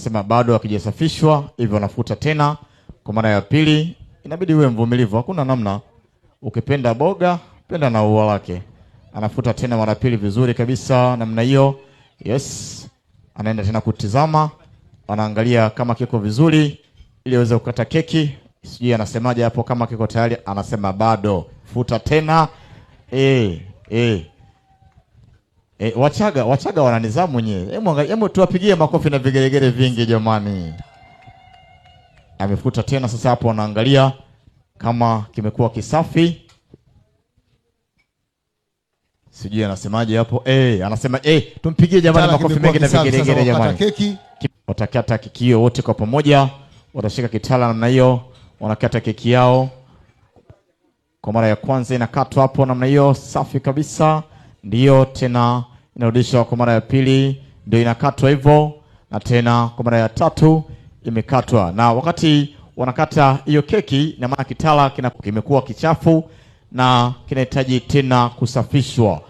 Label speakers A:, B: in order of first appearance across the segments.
A: sema bado akijasafishwa hivyo anafuta tena kwa mara ya pili. Inabidi uwe mvumilivu, hakuna namna. Ukipenda boga penda na ua wake Anafuta tena mara pili, vizuri kabisa namna hiyo. Yes, anaenda tena kutizama, anaangalia kama kiko vizuri ili aweze kukata keki. Sijui anasemaje hapo, kama kiko tayari, anasema bado, futa tena. E, e. E, Wachaga Wachaga wana nidhamu nyewe. Hebu tuwapigie makofi na vigeregere vingi jamani. Amefuta tena sasa, hapo wanaangalia kama kimekuwa kisafi. Sijui anasemaje hapo. Eh, anasema eh, tumpigie jamani makofi mengi na vigeregere jamani. Watakata keki hiyo wote kwa pamoja, watashika kitala namna hiyo, wanakata keki yao. Kwa mara ya kwanza inakatwa hapo namna hiyo, safi kabisa. Ndiyo tena inarudishwa kwa mara ya pili, ndio inakatwa hivyo, na tena kwa mara ya tatu imekatwa. Na wakati wanakata hiyo keki, na maana kitala kimekuwa kichafu na kinahitaji tena kusafishwa,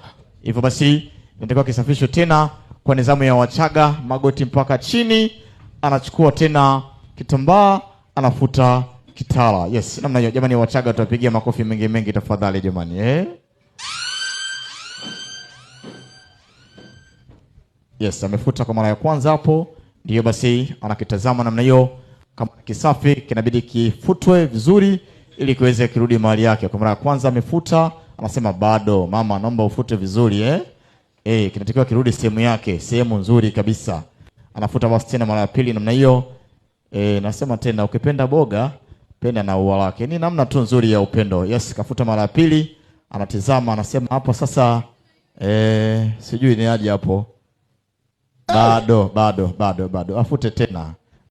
A: hivyo basi inatakiwa kisafishwe tena kwa nizamu ya Wachaga, magoti mpaka chini, anachukua tena kitambaa anafuta kitala. Yes, namna hiyo jamani. Wachaga, tutapigia makofi mengi mengi tafadhali jamani, eh? Yes, amefuta kwa mara ya kwanza hapo, ndio basi anakitazama namna hiyo. Kama kisafi kinabidi kifutwe vizuri ili kiweze kirudi mahali yake. Kwa mara ya kwanza amefuta, anasema bado mama, naomba ufute vizuri eh. Eh, kinatakiwa kirudi sehemu yake, sehemu nzuri kabisa. Anafuta basi tena mara ya pili namna hiyo. E, nasema tena ukipenda boga penda na ua lake. Ni namna tu nzuri ya upendo. Yes, kafuta mara ya pili, anatizama, anasema hapo sasa eh, sijui ni aje hapo. Bado bado bado bado, afute tena